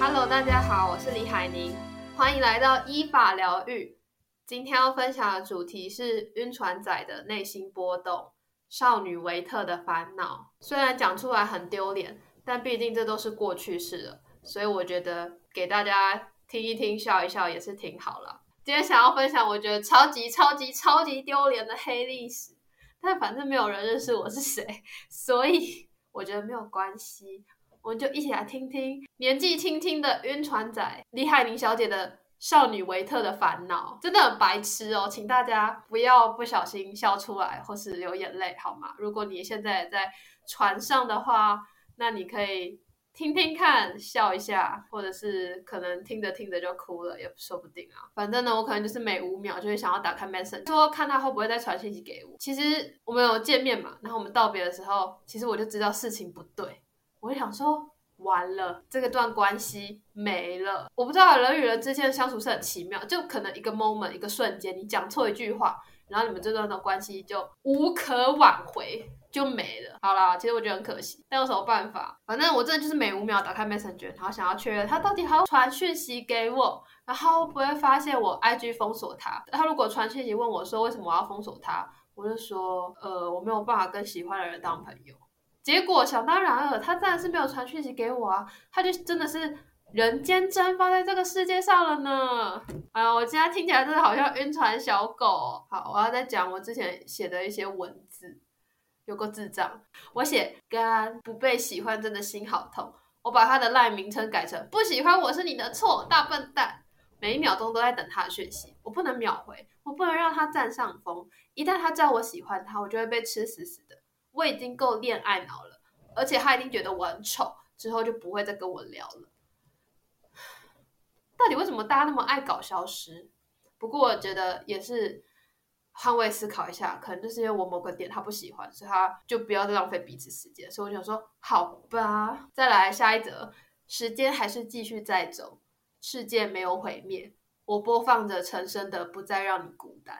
Hello，大家好，我是李海寧，歡迎來到依法療癒。今天要分享的主題是暈船仔的內心波動，少女維特的煩惱。雖然講出來很丟臉，但畢竟這都是過去式了，所以我覺得給大家聽一聽、笑一笑也是挺好了。今天想要分享，我覺得超級，超級超級超級丟臉的黑歷史，但反正沒有人認識我是誰，所以我覺得沒有關係。我們就一起來聽聽年紀輕輕的暈船仔李海玲小姐的《少女維特的煩惱》，真的很白痴哦，請大家不要不小心笑出來或是流眼淚，好嗎？如果你現在在船上的話，那你可以聽聽看，笑一下，或者是可能聽着聽着就哭了，也說不定啊。反正呢，我可能就是每五秒就會想要打開 message，說看他會不會再傳信息給我。其實我們有見面嘛，然後我們道別的時候，其實我就知道事情不對。我想說，完了，這個段關係沒了。我不知道人與人之間的相處是很奇妙，就可能一個 moment 一個瞬間，你講錯一句話，然後你們這段的關係就無可挽回，就沒了。好啦，其實我覺得很可惜，但有什麼辦法？反正我真的就是每五秒打開 Messenger，然後想要確認他到底還要傳訊息給我，然後不會發現我 IG 封鎖他。他如果傳訊息問我說為什麼我要封鎖他，我就說，呃，我沒有辦法跟喜歡的人當朋友。結果想當然了，他暫時沒有傳訊息給我啊，他就真的是人間蒸發在這個世界上了呢。啊、哎，我今天聽起來真的好像暈船小狗哦。好，我要再講我之前寫的一些文字，有夠智障，我寫：幹，不被喜歡真的心好痛。我把他的 LINE 名稱改成：不喜歡我是你的錯，大笨蛋。每一秒鐘都在等他的訊息，我不能秒回，我不能讓他占上風。一旦他知道我喜歡他，我就會被吃死死的。我已經夠戀愛腦了，而且他已經覺得我很醜，之後就不會再跟我聊了。到底為什麼大家那麼愛搞消失？不過我覺得也是，換位思考一下，可能就是因為我某個點他不喜歡，所以他就不要再浪費彼此時間。所以我想說，好吧，再來下一則。時間還是繼續在走，世界沒有毀滅。我播放着陳昇的《不再讓你孤單》，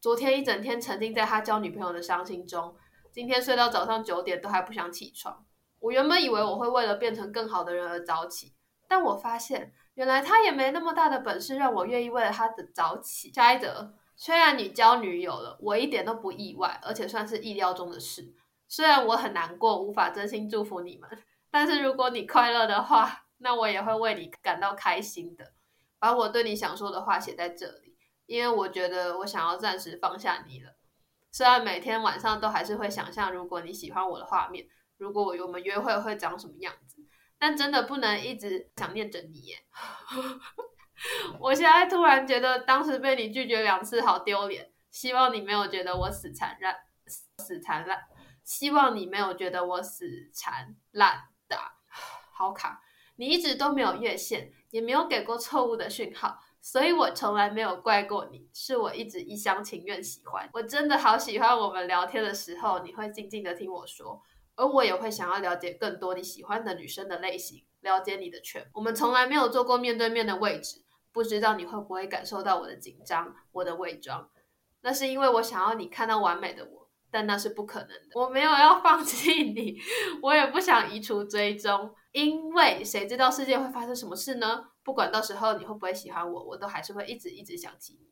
昨天一整天沉浸在他交女朋友的傷心中。今天睡到早上九點都還不想起床。我原本以為我會為了變成更好的人而早起，但我發現原來他也沒那麼大的本事讓我願意為了他的早起。親愛的，雖然你交女友了，我一點都不意外，而且算是意料中的事。雖然我很難過，無法真心祝福你們，但是如果你快樂的話，那我也會為你感到開心的。把我對你想說的話寫在這裡，因為我覺得我想要暫時放下你了。雖然每天晚上都還是會想象，如果你喜歡我的畫面，如果我們約會會長什麼樣子，但真的不能一直想念着你耶。 我現在突然覺得，當時被你拒絕兩次好丟臉。希望你沒有覺得我死纏爛死纏爛。希望你沒有覺得我死纏爛打。 好卡，你一直都沒有越線，也沒有給過錯誤的訊號。所以我從來沒有怪過你，是我一直一廂情願喜歡。我真的好喜歡我們聊天的時候，你會靜靜地聽我說，而我也會想要了解更多你喜歡的女生的類型，了解你的全部。我們從來沒有坐過面對面的位置，不知道你會不會感受到我的緊張，我的偽裝。那是因為我想要你看到完美的我，但那是不可能的。我沒有要放棄你，我也不想移除追蹤，因為誰知道世界會發生什麼事呢？不管到時候你會不會喜歡我，我都還是會一直一直想起你。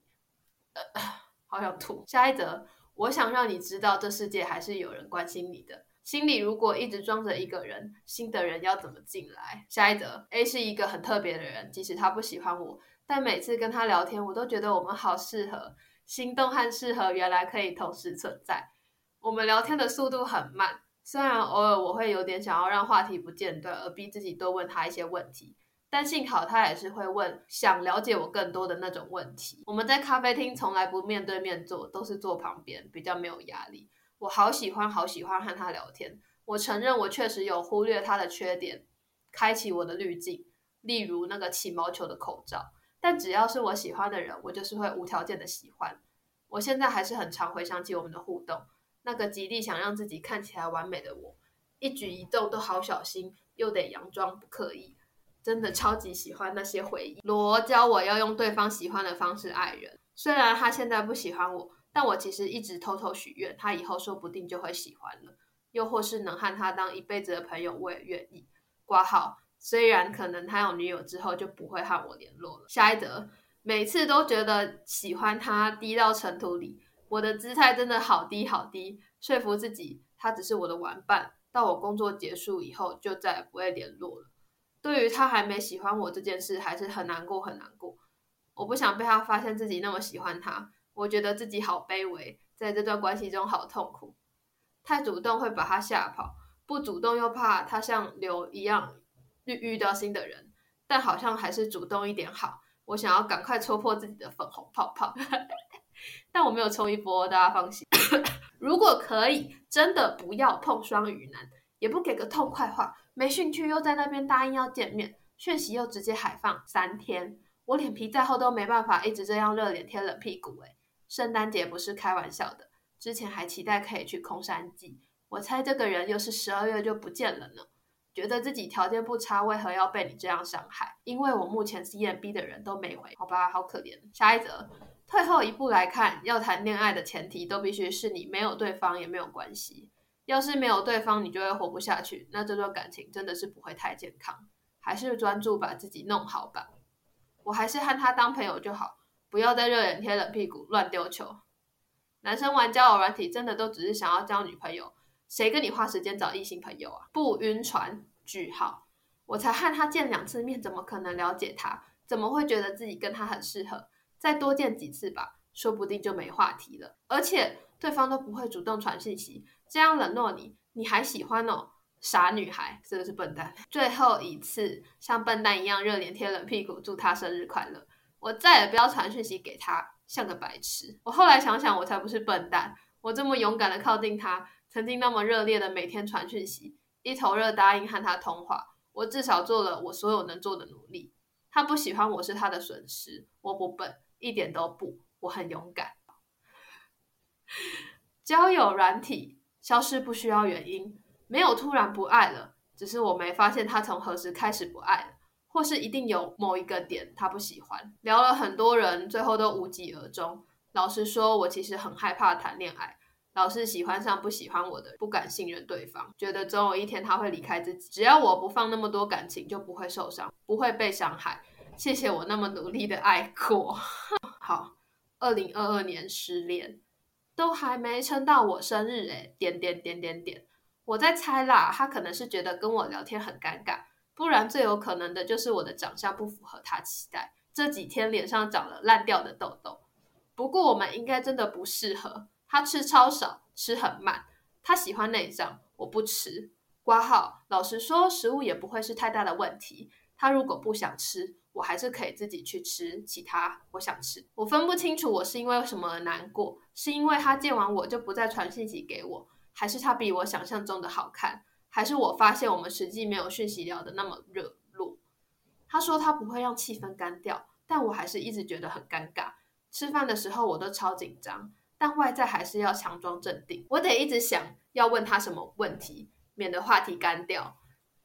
呃，好想吐。下一則，我想讓你知道，這世界還是有人關心你的。心裡如果一直裝着一個人，新的人要怎麼進來？下一則，A 是一個很特別的人，即使他不喜歡我，但每次跟他聊天，我都覺得我們好適合。心動和適合原來可以同時存在。我們聊天的速度很慢，雖然偶爾我會有點想要讓話題不間斷，而逼自己多問他一些問題。但幸好他也是會問想了解我更多的那種問題。我們在咖啡廳從來不面對面坐，都是坐旁邊，比較沒有壓力。我好喜歡好喜歡和他聊天。我承認我確實有忽略他的缺點，開啟我的濾鏡，例如那個起毛球的口罩。但只要是我喜歡的人，我就是會無條件的喜歡。我現在還是很常回想起我們的互動，那個極力想讓自己看起來完美的我，一舉一動都好小心，又得佯裝不刻意。真的超級喜歡那些回憶。羅教我要用對方喜歡的方式愛人，雖然他現在不喜歡我，但我其實一直偷偷許願，他以後說不定就會喜歡了。又或是能和他當一輩子的朋友，我也願意。括號，雖然可能他有女友之後就不會和我聯絡了。下一則，每次都覺得喜歡他低到塵土裡，我的姿態真的好低好低。說服自己，他只是我的玩伴，到我工作結束以後就再也不會聯絡了。對於他還沒喜歡我這件事，還是很難過很難過。我不想被他發現自己那麼喜歡他，我覺得自己好卑微，在這段關係中好痛苦。太主動會把他嚇跑，不主動又怕他像劉一樣遇遇到新的人。但好像還是主動一點好，我想要趕快戳破自己的粉紅泡泡。 但我沒有衝一波，大家放心。 如果可以，真的不要碰雙魚男。也不給個痛快話，沒興趣又在那邊答應要見面，訊息又直接海放三天，我臉皮再厚都沒辦法一直這樣熱臉貼冷屁股。欸、聖誕節不是開玩笑的，之前還期待可以去空山祭，我猜這個人又是十二月就不見了呢。覺得自己條件不差，為何要被你這樣傷害？因為我目前 C M B 的人都沒回、欸，好吧，好可憐。下一則，退後一步來看，要談戀愛的前提都必須是你沒有對方也沒有關係。要是沒有對方，你就會活不下去，那這段感情真的是不會太健康，還是專注把自己弄好吧。我還是和他當朋友就好，不要再熱臉貼冷屁股，亂丟球。男生玩交友軟體真的都只是想要交女朋友，誰跟你花時間找異性朋友啊？不暈船。句號。我才和他見兩次面，怎麼可能了解他？怎麼會覺得自己跟他很適合？再多見幾次吧，說不定就沒話題了。而且。對方都不會主動傳訊息，這樣冷落你，你還喜歡哦，傻女孩，真的是笨蛋。最後一次像笨蛋一樣熱臉貼冷屁股，祝他生日快樂。我再也不要傳訊息給他，像個白痴。我後來想想，我才不是笨蛋，我這麼勇敢的靠近他，曾經那麼熱烈的每天傳訊息，一頭熱答應和他通話，我至少做了我所有能做的努力。他不喜歡我是他的損失，我不笨，一點都不，我很勇敢。交友軟體消失不需要原因，沒有突然不愛了，只是我沒發現他從何時開始不愛了，或是一定有某一個點他不喜歡。聊了很多人，最後都無疾而終。老實說，我其實很害怕談戀愛，老是喜歡上不喜歡我的，不敢信任對方，覺得總有一天他會離開自己。只要我不放那麼多感情，就不會受傷，不會被傷害。謝謝我那麼努力的愛過。 好，二零二二年失戀。都還沒撐到我生日誒，點點點點點，我在猜啦，他可能是覺得跟我聊天很尷尬，不然最有可能的就是我的長相不符合他期待。這幾天臉上長了爛掉的痘痘，不過我們應該真的不適合。他吃超少，吃很慢，他喜歡內臟，我不吃。括號，老實說，食物也不會是太大的問題。他如果不想吃，我還是可以自己去吃其他，我想吃。我分不清楚我是因為什麼而難過，是因為他見完我就不再傳信息給我，還是他比我想象中的好看，還是我發現我們實際沒有訊息聊得那麼熱絡？他說他不會讓氣氛乾掉，但我還是一直覺得很尷尬。吃飯的時候我都超緊張，但外在還是要強裝鎮定。我得一直想要問他什麼問題，免得話題乾掉。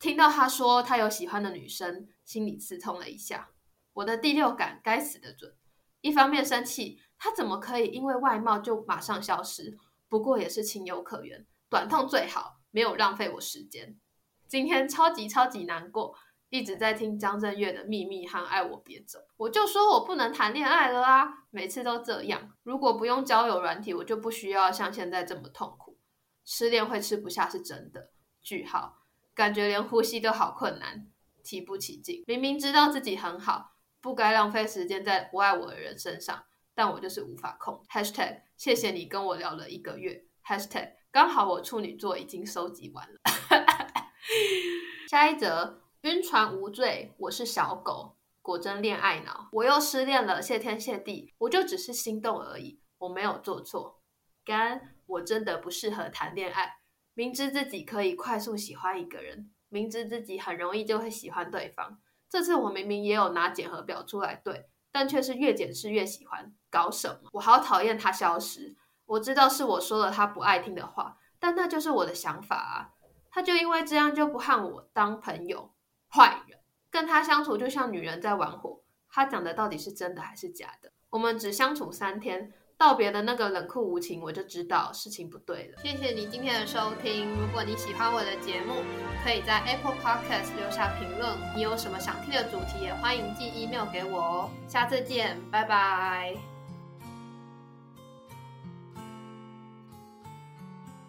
聽到他說他有喜歡的女生，心裡刺痛了一下。我的第六感，該死的準。一方面生氣，他怎麼可以因為外貌就馬上消失？不過也是情有可原，短痛最好，沒有浪費我時間。今天超級超級難過，一直在聽張震岳的秘密和愛我別走。我就說我不能談戀愛了啊！每次都這樣。如果不用交友軟體，我就不需要像現在這麼痛苦。失戀會吃不下是真的。句號。感覺連呼吸都好困難，提不起勁。明明知道自己很好，不該浪費時間在不愛我的人身上，但我就是無法控。Hashtag 謝謝你跟我聊了一個月。Hashtag 剛好我處女座已經收集完了。 下一則，暈船無罪，我是小狗，果真戀愛腦，我又失戀了，謝天謝地，我就只是心動而已，我沒有做錯。幹，我真的不適合談戀愛。明知自己可以快速喜歡一個人，明知自己很容易就會喜歡對方。這次我明明也有拿檢核表出來對，但卻是越檢視越喜歡，搞什麼？我好討厭他消失。我知道是我說了他不愛聽的話，但那就是我的想法啊。他就因為這樣就不和我當朋友，壞人。跟他相處就像女人在玩火，他講的到底是真的還是假的？我們只相處三天。道別的那個冷酷無情，我就知道事情不對了。謝謝你今天的收聽，如果你喜歡我的節目，可以在 Apple Podcast 留下評論。你有什麼想聽的主題，也歡迎寄 email 給我哦。下次見，拜拜。